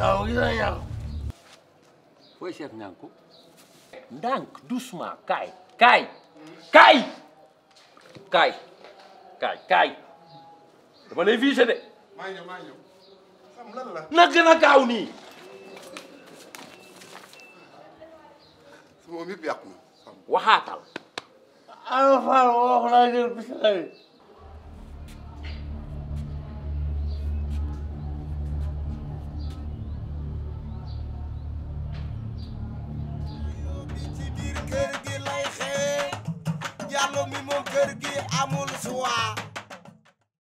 waaw gis naa ñàkk. fooy seet ñànku ndànk doucement kaay kaay kaay kaay kaay kaay dama lay visé de. maa ñëw maa a gaaw nii. moom yëpp yàqu na. waxaatal. yàlla mi moom kër amul suwa